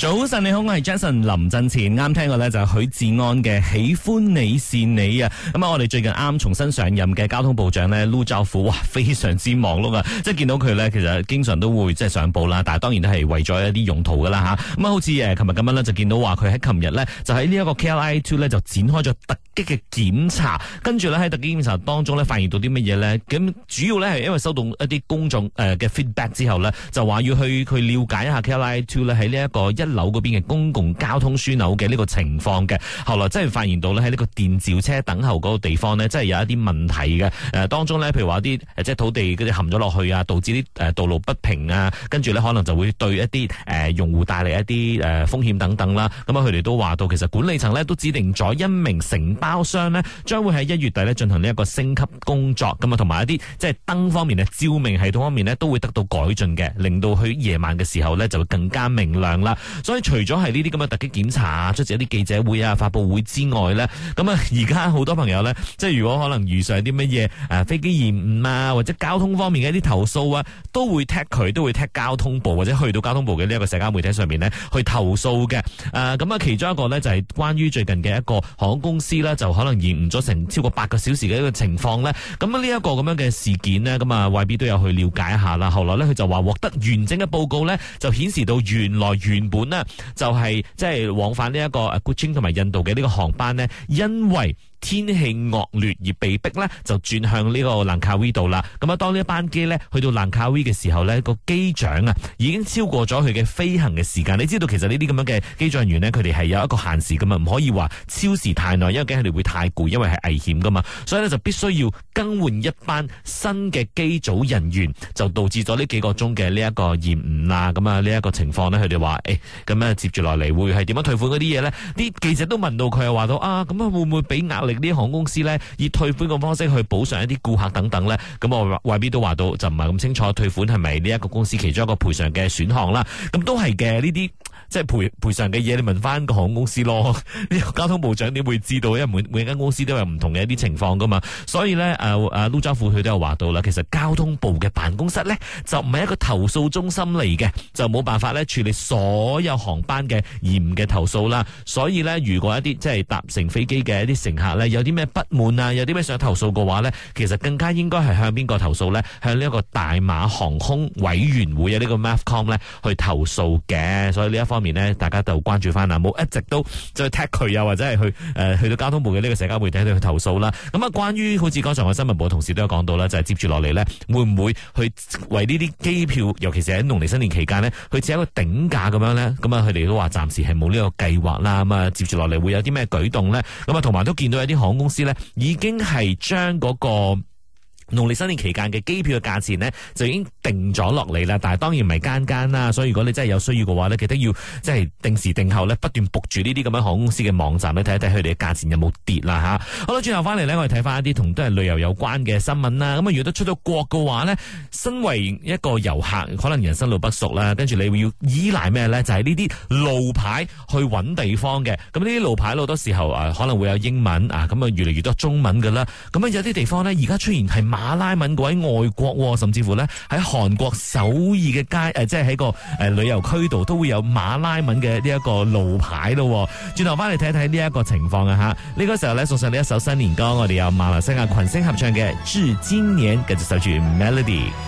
早晨，你好，我係 Jason 林振前。啱聽過咧就係許志安嘅喜歡你是你啊！咁啊、嗯，我哋最近啱重新上任嘅交通部長咧，陸兆福哇，非常之忙碌啊！即係見到佢咧，其實經常都會即係上報啦，但係當然都係為咗一啲用途噶啦吓。咁啊，嗯、好似誒，琴日咁樣咧，就見到話佢喺琴日咧就喺呢一個 K L I Two 咧就展開咗特。嘅檢查，跟住咧喺特警檢查當中咧發現到啲乜嘢咧？咁主要咧係因為收到一啲公眾誒嘅、呃、feedback 之後咧，就話要去佢了解一下 Kilai Two 咧喺呢一個一樓嗰邊嘅公共交通樞紐嘅呢個情況嘅。後來真係發現到咧喺呢個電召車等候嗰個地方咧，真係有一啲問題嘅。誒、呃、當中咧，譬如話啲誒即係土地嗰啲陷咗落去啊，導致啲誒、呃、道路不平啊，跟住咧可能就會對一啲誒、呃、用戶帶嚟一啲誒、呃、風險等等啦。咁、嗯、啊，佢哋都話到其實管理層咧都指定咗一名承包。包商咧將會喺一月底咧進行呢一個升級工作，咁啊同埋一啲即係燈方面咧、照明系統方面咧都會得到改進嘅，令到佢夜晚嘅時候咧就會更加明亮啦。所以除咗係呢啲咁嘅突擊檢查啊、出席一啲記者會啊、發佈會之外咧，咁啊而家好多朋友咧，即係如果可能遇上啲乜嘢誒飛機延誤啊，或者交通方面嘅一啲投訴啊，都會踢佢，都會踢交通部或者去到交通部嘅呢一個社交媒體上面咧去投訴嘅。誒咁啊，其中一個咧就係關於最近嘅一個航空公司啦。就可能延誤咗成超過八個小時嘅一個情況咧，咁呢一個咁樣嘅事件咧，咁啊外邊都有去了解一下啦。後來咧，佢就話獲得完整嘅報告咧，就顯示到原來原本咧就係即係往返呢一個誒 Goodwin 同埋印度嘅呢個航班咧，因為。天氣惡劣而被逼咧，就轉向呢個蘭卡威度啦。咁啊，當呢班機呢去到蘭卡威嘅時候，呢個機長啊已經超過咗佢嘅飛行嘅時間。你知道其實呢啲咁樣嘅機組人員呢，佢哋係有一個限時噶嘛，唔可以話超時太耐，因為驚佢哋會太攰，因為係危險噶嘛。所以呢，就必須要更換一班新嘅機組人員，就導致咗呢幾個鐘嘅呢一個延誤啦。咁啊呢一個情況呢，佢哋話誒，咁、欸、啊接住落嚟會係點樣退款嗰啲嘢呢？」啲記者都問到佢，又話到啊，咁啊會唔會俾額？呢一行公司咧以退款嘅方式去補償一啲顧客等等咧，咁我外邊都話到就唔係咁清楚，退款係咪呢一個公司其中一個賠償嘅選項啦？咁都係嘅呢啲。即係賠賠償嘅嘢，你問翻個航空公司咯。呢 個交通部長點會知道？因為每每間公司都有唔同嘅一啲情況噶嘛。所以咧，誒誒陸兆福佢都有話到啦。其實交通部嘅辦公室咧，就唔係一個投訴中心嚟嘅，就冇辦法咧處理所有航班嘅延誤嘅投訴啦。所以咧，如果一啲即係搭乘,乘飛機嘅一啲乘客咧，有啲咩不滿啊，有啲咩想投訴嘅話咧，其實更加應該係向邊個投訴咧？向呢一個大馬航空委員會啊，呢、這個 MAVCOM 咧去投訴嘅。所以呢一方。面呢，大家就關注返啦，冇一直都再踢佢啊，或者係去誒、呃、去到交通部嘅呢個社交媒體度去投訴啦。咁啊，關於好似剛才我新聞部嘅同事都有講到啦，就係、是、接住落嚟呢，會唔會去為呢啲機票，尤其是喺農曆新年期間呢，去設一個頂價咁樣呢？咁啊，佢哋都話暫時係冇呢個計劃啦。咁啊，接住落嚟會有啲咩舉動呢？咁啊，同埋都見到有啲航空公司呢，已經係將嗰、那個，農曆新年期間嘅機票嘅價錢呢，就已經定咗落嚟啦。但係當然唔係間間啦，所以如果你真係有需要嘅話咧，記得要即係、就是、定時定候呢，不斷撲住呢啲咁樣航空公司嘅網站咧，睇一睇佢哋嘅價錢有冇跌啦嚇？好啦，轉頭翻嚟呢，我哋睇翻一啲同都係旅遊有關嘅新聞啦。咁、嗯、啊，如果出咗國嘅話呢，身為一個遊客，可能人生路不熟啦，跟住你會要依賴咩呢？就係呢啲路牌去揾地方嘅。咁呢啲路牌好多時候啊，可能會有英文啊，咁、嗯、啊越嚟越多中文噶啦。咁、嗯、有啲地方呢，而家出現係馬來文位外國，甚至乎咧，喺韓國首爾嘅街，誒、呃、即係喺個誒旅遊區度都會有馬來文嘅呢一個路牌咯。轉頭翻嚟睇一睇呢一個情況啊吓，呢、這個時候咧送上呢一首新年歌，我哋有馬來西亞群星合唱嘅《祝今年》。繼續守住 Melody》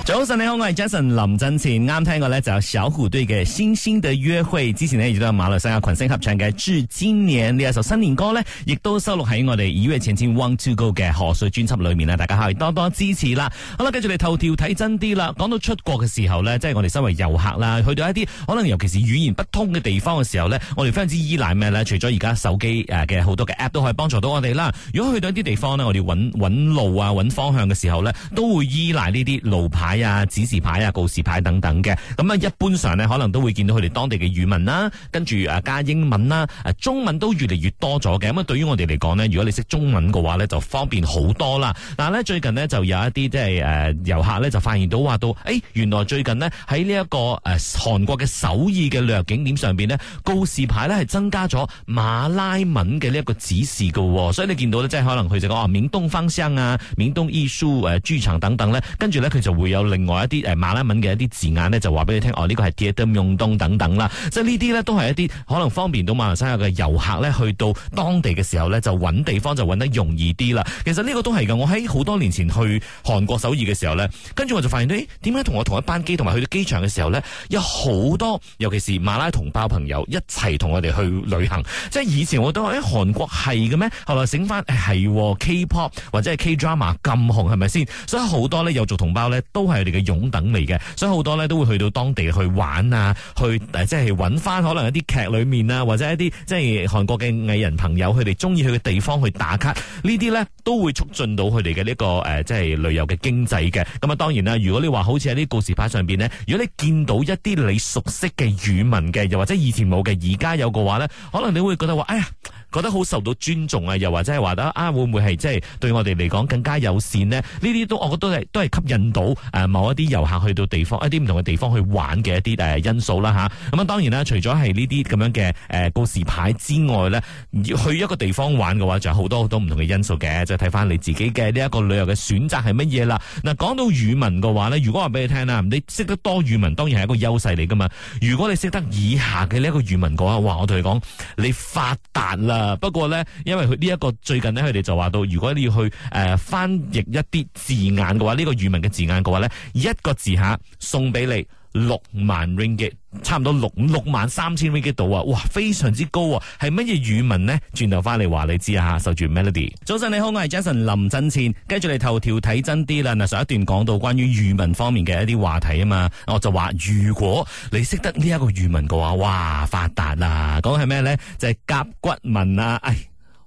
早。早晨你好，我係 Jason 林振前。啱聽過咧就有小虎隊嘅《星星的約會》，之前呢亦都有馬來西亞群星合唱嘅《祝今年》。呢一首新年歌咧亦都收錄喺我哋《Yesterday Once Ago 嘅賀歲專輯裏面啦。大家可以多多支持啦，好啦，跟住嚟頭條睇真啲啦。講到出國嘅時候呢，即係我哋身為遊客啦，去到一啲可能尤其是語言不通嘅地方嘅時候呢，我哋非常之依賴咩呢？除咗而家手機誒嘅好多嘅 app 都可以幫助到我哋啦。如果去到一啲地方呢，我哋揾路啊、揾方向嘅時候呢，都會依賴呢啲路牌啊、指示牌啊、告示牌等等嘅。咁啊，一般上呢，可能都會見到佢哋當地嘅語文啦、啊，跟住誒加英文啦、啊，中文都越嚟越多咗嘅。咁啊，對於我哋嚟講呢，如果你識中文嘅話呢，就方便好多啦。嗱呢，最近呢，就。有一啲即係誒遊客咧，就發現到話到，誒、欸、原來最近呢，喺呢一個誒、呃、韓國嘅首爾嘅旅遊景點上邊呢，告示牌咧係增加咗馬來文嘅呢一個指示嘅、哦，所以你見到咧，即係可能佢就講啊，明、哦、洞方向啊，明洞醫書誒豬場等等咧，跟住咧佢就會有另外一啲誒、呃、馬來文嘅一啲字眼咧，就話俾你聽，哦呢、這個係鐵墩用東等等啦，即係呢啲咧都係一啲可能方便到馬來西亞嘅遊客咧，去到當地嘅時候咧，就揾地方就揾得容易啲啦。其實呢個都係噶，我喺好多年前去韓國首爾嘅時候咧，跟住我就發現到，誒、欸，點解同我同一班機，同埋去到機場嘅時候咧，有好多，尤其是馬拉同胞朋友一齊同我哋去旅行。即係以前我都話，誒、欸，韓國係嘅咩？後來醒翻係 K-pop 或者係 K-drama 咁紅係咪先？所以好多咧，友族同胞咧，都係佢哋嘅擁躉嚟嘅，所以好多咧都會去到當地去玩啊，去啊即係揾翻可能一啲劇裏面啊，或者一啲即係韓國嘅藝人朋友，佢哋中意去嘅地方去打卡呢啲咧。都會促進到佢哋嘅呢個誒、呃，即係旅遊嘅經濟嘅。咁啊，當然啦，如果你話好似喺啲告示牌上邊咧，如果你見到一啲你熟悉嘅語文嘅，又或者以前冇嘅，而家有嘅話咧，可能你會覺得話，哎呀～覺得好受到尊重啊，又或者係話得啊，會唔會係即係對我哋嚟講更加友善呢？呢啲都我覺得都係吸引到誒、呃、某一啲遊客去到地方、呃、一啲唔同嘅地方去玩嘅一啲誒、呃、因素啦吓。咁啊，當然啦，除咗係呢啲咁樣嘅誒、呃、告示牌之外呢，去一個地方玩嘅話，就有好多好多唔同嘅因素嘅，就睇翻你自己嘅呢一個旅遊嘅選擇係乜嘢啦。嗱、啊，講到語文嘅話呢，如果話俾你聽啦，你識得多語文，當然係一個優勢嚟噶嘛。如果你識得以下嘅呢一個語文嘅話，哇，我同你講，你發達啦！啊、呃！不過咧，因為佢呢一個最近咧，佢哋就話到，如果你要去誒、呃、翻譯一啲字眼嘅話，呢、這個語文嘅字眼嘅話咧，一個字嚇送俾你。六萬 ringgit，差唔多六六萬三千 ringgit 到啊！哇，非常之高啊！係乜嘢語文呢？轉頭翻嚟話你知啊吓，受住 Melody。早晨你好，我係 Jason 林振倩，繼續嚟頭條睇真啲啦。嗱，上一段講到關於語文方面嘅一啲話題啊嘛，我就話如果你識得呢一個語文嘅話，哇，發達啦！講係咩咧？就係甲骨文啊！哎。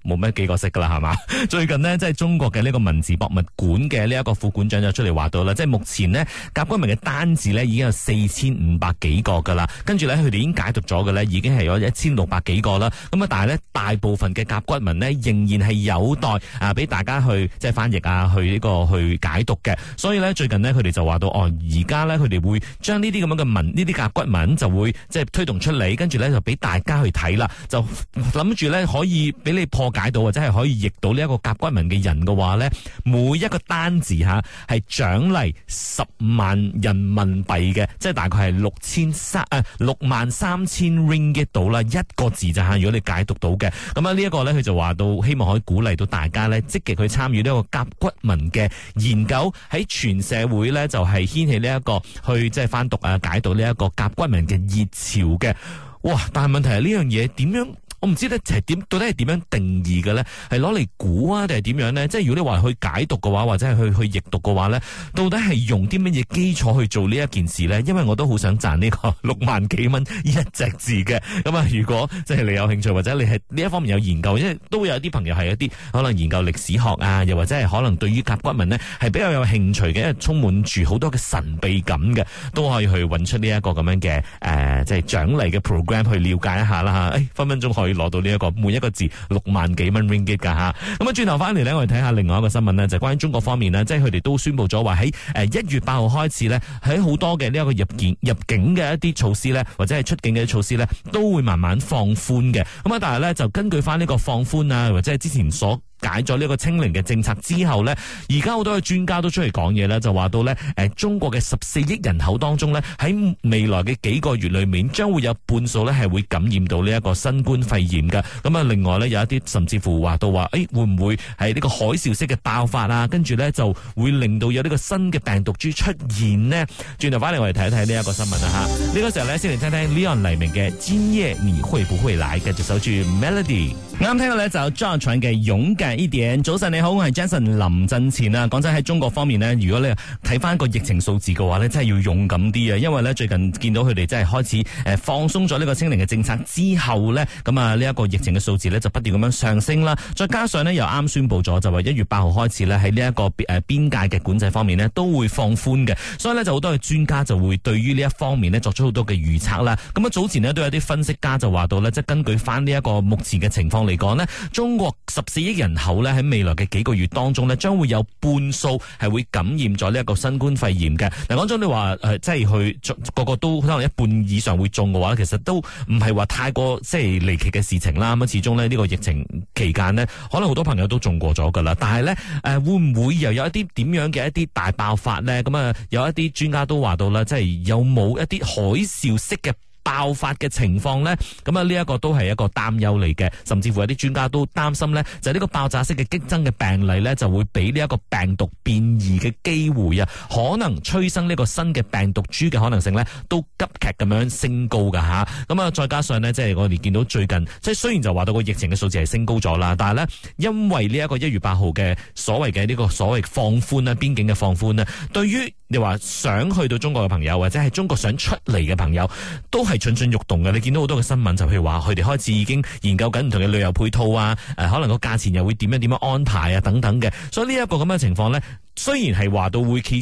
冇咩幾個識噶啦，係嘛？最近呢，即係中國嘅呢個文字博物館嘅呢一個副館長就出嚟話到啦，即係目前呢，甲骨文嘅單字呢已經有四千五百幾個噶啦，跟住呢，佢哋已經解讀咗嘅呢已經係有一千六百幾個啦。咁啊，但係呢，大部分嘅甲骨文呢仍然係有待啊俾大家去即係翻譯啊，去呢個去解讀嘅。所以呢，最近呢，佢哋就話到，哦，而家呢，佢哋會將呢啲咁樣嘅文，呢啲甲骨文就會即係推動出嚟，跟住呢，就俾大家去睇啦，就諗住呢可以俾你破。解到或者係可以譯到呢一個甲骨文嘅人嘅話呢，每一個單字吓係獎勵十萬人民幣嘅，即係大概係六千三誒、呃、六萬三千 ringgit 到啦，一個字就吓，如果你解讀到嘅，咁啊呢一個呢，佢就話到希望可以鼓勵到大家呢積極去參與呢個甲骨文嘅研究，喺全社會呢就係、是、掀起呢、這、一個去即係翻讀啊解讀呢一個甲骨文嘅熱潮嘅，哇！但係問題係呢樣嘢點樣？我唔知咧，就係點？到底係點樣定義嘅咧？係攞嚟估啊，定係點樣咧？即係如果你話去解讀嘅話或者係去去譯讀嘅話咧，到底係用啲乜嘢基礎去做呢一件事咧？因為我都好想賺呢個六萬幾蚊一隻字嘅。咁、嗯、啊，如果即係你有興趣，或者你係呢一方面有研究，因為都會有啲朋友係一啲可能研究歷史學啊，又或者係可能對於甲骨文咧係比較有興趣嘅，因為充滿住好多嘅神秘感嘅，都可以去揾出呢一個咁樣嘅誒即係獎勵嘅 program 去了解一下啦嚇。誒、哎，分分鐘可可以攞到呢一個每一個字六萬幾蚊 ringgit 噶吓，咁啊轉頭翻嚟咧，我哋睇下另外一個新聞呢，就係關於中國方面呢。即係佢哋都宣佈咗話喺誒一月八號開始呢，喺好多嘅，呢一個入境入境嘅一啲措施呢，或者係出境嘅措施呢，都會慢慢放寬嘅，咁啊但係呢，就根據翻呢個放寬啊，或者係之前所。解咗呢一個清零嘅政策之後呢，而家好多嘅專家都出嚟講嘢啦，就話到呢，誒，中國嘅十四億人口當中呢，喺未來嘅幾個月裏面，將會有半數呢係會感染到呢一個新冠肺炎噶。咁啊，另外呢，有一啲甚至乎話到話，誒、哎，會唔會係呢個海嘯式嘅爆發啊？跟住呢，就會令到有呢個新嘅病毒株出現呢。轉頭翻嚟我哋睇一睇呢一個新聞啊。吓。呢個時候呢，先嚟聽，聽聽 Leon 黎明嘅今夜你會不會來，繼續守住 Melody。啱聽到呢，就有 John 嘅勇早晨你好，我係 Jason 林振前啦。講真喺中國方面呢，如果你睇翻個疫情數字嘅話呢，真係要勇敢啲啊！因為呢，最近見到佢哋真係開始誒放鬆咗呢個清零嘅政策之後呢，咁啊呢一個疫情嘅數字呢就不斷咁樣上升啦。再加上呢，又啱宣佈咗就話一月八號開始呢，喺呢一個誒邊界嘅管制方面呢，都會放寬嘅，所以呢，就好多嘅專家就會對於呢一方面呢作出好多嘅預測啦。咁啊早前呢，都有啲分析家就話到呢，即根據翻呢一個目前嘅情況嚟講呢，中國十四億人。口咧喺未來嘅幾個月當中咧，將會有半數係會感染咗呢一個新冠肺炎嘅。嗱，講咗你話誒、呃，即係去個個都可能一半以上會中嘅話，其實都唔係話太過即係離奇嘅事情啦。咁始終咧呢、這個疫情期間咧，可能好多朋友都中過咗㗎啦。但係呢，誒、呃，會唔會又有一啲點樣嘅一啲大爆發呢？咁啊，有一啲專家都話到啦，即係有冇一啲海嘯式嘅？爆發嘅情況呢，咁啊呢一個都係一個擔憂嚟嘅，甚至乎有啲專家都擔心呢，就呢個爆炸式嘅激增嘅病例呢，就會俾呢一個病毒變異嘅機會啊，可能催生呢個新嘅病毒株嘅可能性呢，都急劇咁樣升高噶吓，咁啊再加上呢，即係我哋見到最近，即係雖然就話到個疫情嘅數字係升高咗啦，但係呢，因為呢一個一月八號嘅所謂嘅呢個所謂放寬啊，邊境嘅放寬呢，對於。你話想去到中國嘅朋友，或者係中國想出嚟嘅朋友，都係蠢蠢欲動嘅。你見到好多嘅新聞，就譬如話，佢哋開始已經研究緊唔同嘅旅遊配套啊，誒、呃，可能個價錢又會點樣點樣安排啊，等等嘅。所以呢一個咁樣嘅情況呢。雖然係話到會刺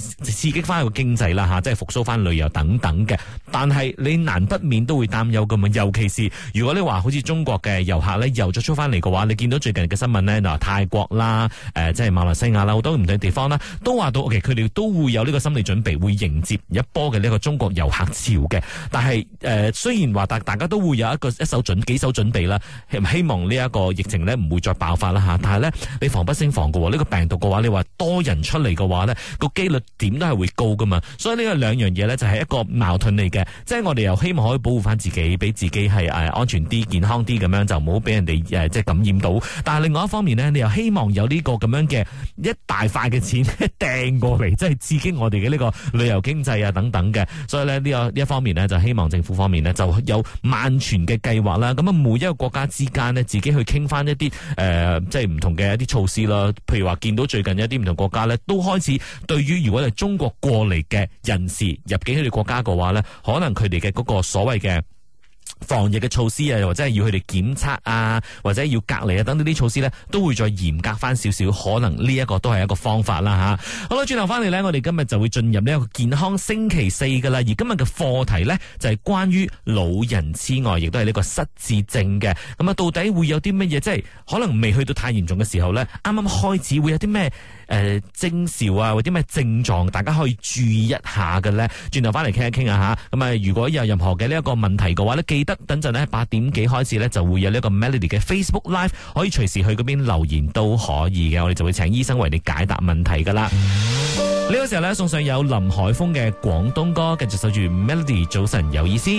激翻個經濟啦吓，即係復甦翻旅遊等等嘅，但係你難不免都會擔憂噉樣。尤其是如果你話好似中國嘅遊客呢，又再出翻嚟嘅話，你見到最近嘅新聞呢，嗱，泰國啦，誒、呃、即係馬來西亞啦，好多唔同地方啦，都話到其實佢哋都會有呢個心理準備，會迎接一波嘅呢個中國遊客潮嘅。但係誒、呃、雖然話大大家都會有一個一手準幾手準備啦，希望呢一個疫情呢唔會再爆發啦吓。但係呢，你防不勝防噶，呢、呢個病毒嘅話你話多人出。嚟嘅話呢、呢個幾率點都係會高噶嘛，所以呢個兩樣嘢呢，就係、是、一個矛盾嚟嘅，即係我哋又希望可以保護翻自己，俾自己係誒安全啲、健康啲咁樣，就唔好俾人哋誒即係感染到。但係另外一方面呢，你又希望有呢個咁樣嘅一大塊嘅錢掟過嚟，即係刺激我哋嘅呢個旅遊經濟啊等等嘅。所以呢，呢個一方面呢，就希望政府方面呢，就有萬全嘅計劃啦。咁啊每一個國家之間呢，自己去傾翻一啲誒、呃、即係唔同嘅一啲措施咯。譬如話見到最近一啲唔同國家呢。都開始對於如果係中國過嚟嘅人士入境佢哋國家嘅話咧，可能佢哋嘅嗰個所謂嘅。防疫嘅措施啊，又或者係要佢哋檢測啊，或者要隔離啊，等等啲措施呢，都會再嚴格翻少少，可能呢一個都係一個方法啦，吓。好啦，轉頭翻嚟呢，我哋今日就會進入呢個健康星期四噶啦，而今日嘅課題呢，就係關於老人痴呆，亦都係呢個失智症嘅。咁啊，到底會有啲乜嘢？即係可能未去到太嚴重嘅時候呢，啱啱開始會有啲咩誒徵兆啊，或者咩症狀，大家可以注意一下嘅呢。轉頭翻嚟傾一傾啊，吓。咁啊，如果有任何嘅呢一個問題嘅話呢。記得等陣咧，八點幾開始咧，就會有呢個 Melody 嘅 Facebook Live，可以隨時去嗰邊留言都可以嘅，我哋就會請醫生為你解答問題噶啦。呢 個時候咧，送上有林海峰嘅廣東歌，繼續守住 Melody，早晨有意思。